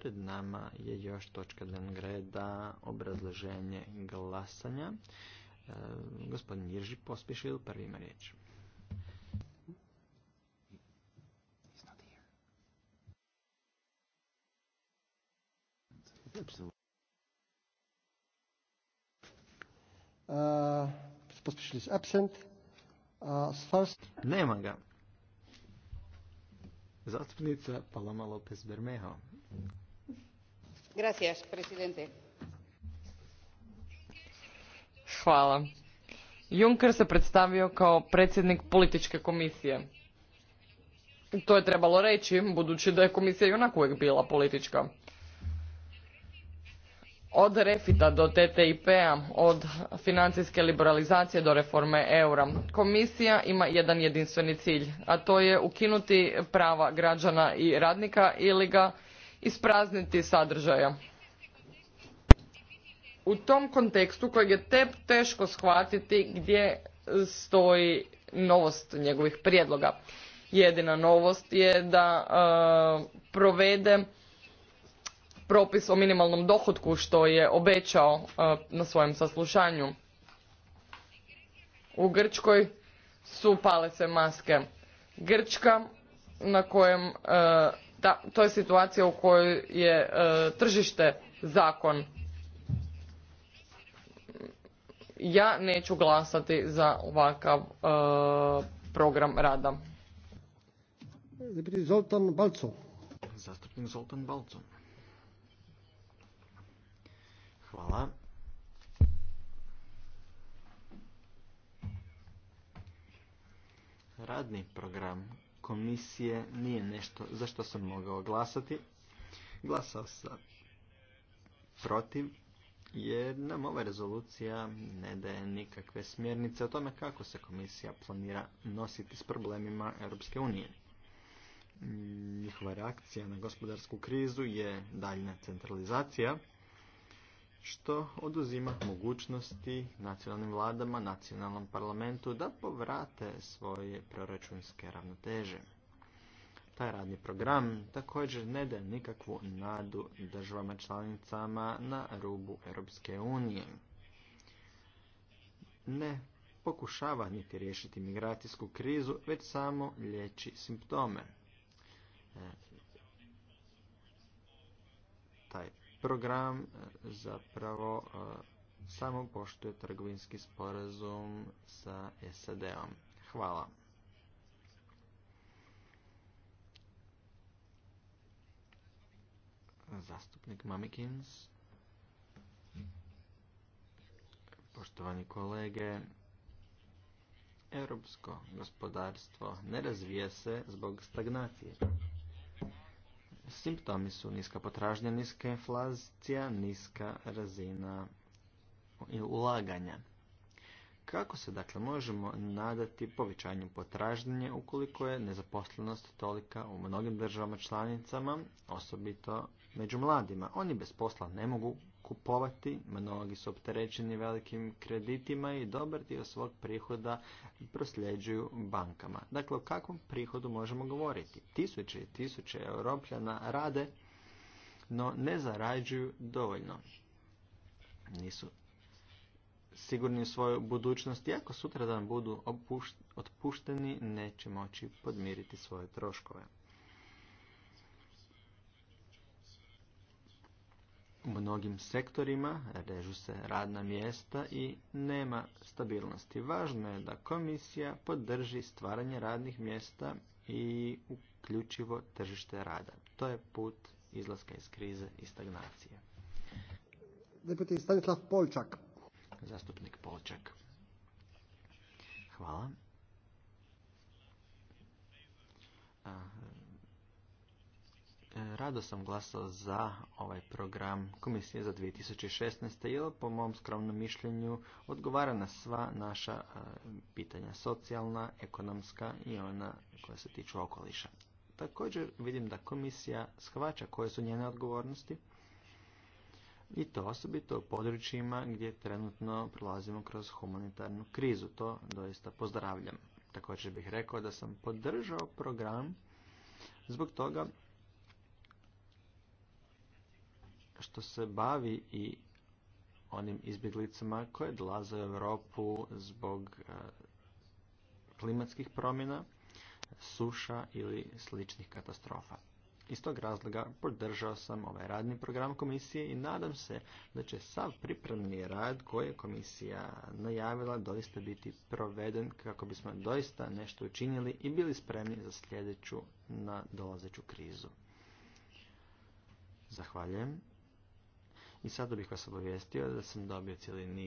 Pred nama je još točka dnevnog reda, obrazloženje glasanja. E, gospodin Jerži pospješil, prvi ima riječ. Uh, absent. Uh, Nema ga. Zastupnica Paloma Lopez Bermejo. Juncker se predstavio kao predsjednik političke komisije. To je trebalo reći, budući da je komisija ionako uvijek bila politička. Od refita do TTIP-a, od financijske liberalizacije do reforme eura, komisija ima jedan jedinstveni cilj, a to je ukinuti prava građana i radnika ili ga isprazniti sadržaja. U tom kontekstu kojeg je te teško shvatiti gdje stoji novost njegovih prijedloga. Jedina novost je da e, provede propis o minimalnom dohotku što je obećao e, na svojem saslušanju. U Grčkoj su pale se maske. Grčka na kojem e, to je situacija u kojoj je e, tržište zakon. Ja neću glasati za ovakav e, program rada. Zoltan Balco. Zastupnik Zoltan Balco. Hvala. Radni program komisije nije nešto za što sam mogao glasati. Glasao sam protiv jer nam ova rezolucija ne daje nikakve smjernice o tome kako se komisija planira nositi s problemima Europske unije. Njihova reakcija na gospodarsku krizu je daljna centralizacija, što oduzima mogućnosti nacionalnim vladama, nacionalnom parlamentu da povrate svoje proračunske ravnoteže. Taj radni program također ne daje nikakvu nadu državama članicama na rubu Europske unije. Ne pokušava niti riješiti migracijsku krizu, već samo liječi simptome. E, program e, zapravo e, samo poštuje trgovinski sporazum sa SAD-om. Hvala. Zastupnik Mamikins. Poštovani kolege, europsko gospodarstvo ne razvije se zbog stagnacije. Simptomi su niska potražnja, niska inflacija, niska razina ulaganja. Kako se dakle možemo nadati povećanju potražnje ukoliko je nezaposlenost tolika u mnogim državama članicama, osobito među mladima? Oni bez posla ne mogu kupovati, mnogi su opterećeni velikim kreditima i dobar dio svog prihoda prosljeđuju bankama. Dakle, o kakvom prihodu možemo govoriti? Tisuće i tisuće europljana rade, no ne zarađuju dovoljno. Nisu sigurni u svoju budućnost i ako sutradan budu otpušteni neće moći podmiriti svoje troškove. U mnogim sektorima režu se radna mjesta i nema stabilnosti. Važno je da komisija podrži stvaranje radnih mjesta i uključivo tržište rada. To je put izlaska iz krize i stagnacije. Deputi Stanislav Polčak. Zastupnik Polčak. Hvala. E, rado sam glasao za ovaj program Komisije za 2016. jer po mom skromnom mišljenju odgovara na sva naša e, pitanja socijalna, ekonomska i ona koja se tiču okoliša. Također vidim da komisija shvaća koje su njene odgovornosti i to osobito u područjima gdje trenutno prolazimo kroz humanitarnu krizu. To doista pozdravljam. Također bih rekao da sam podržao program zbog toga što se bavi i onim izbjeglicama koje dolaze u Europu zbog e, klimatskih promjena, suša ili sličnih katastrofa. Iz tog razloga podržao sam ovaj radni program komisije i nadam se da će sav pripremni rad koji je komisija najavila doista biti proveden kako bismo doista nešto učinili i bili spremni za sljedeću na dolazeću krizu. Zahvaljujem. I sada bih vas obavijestio da sam dobio cijeli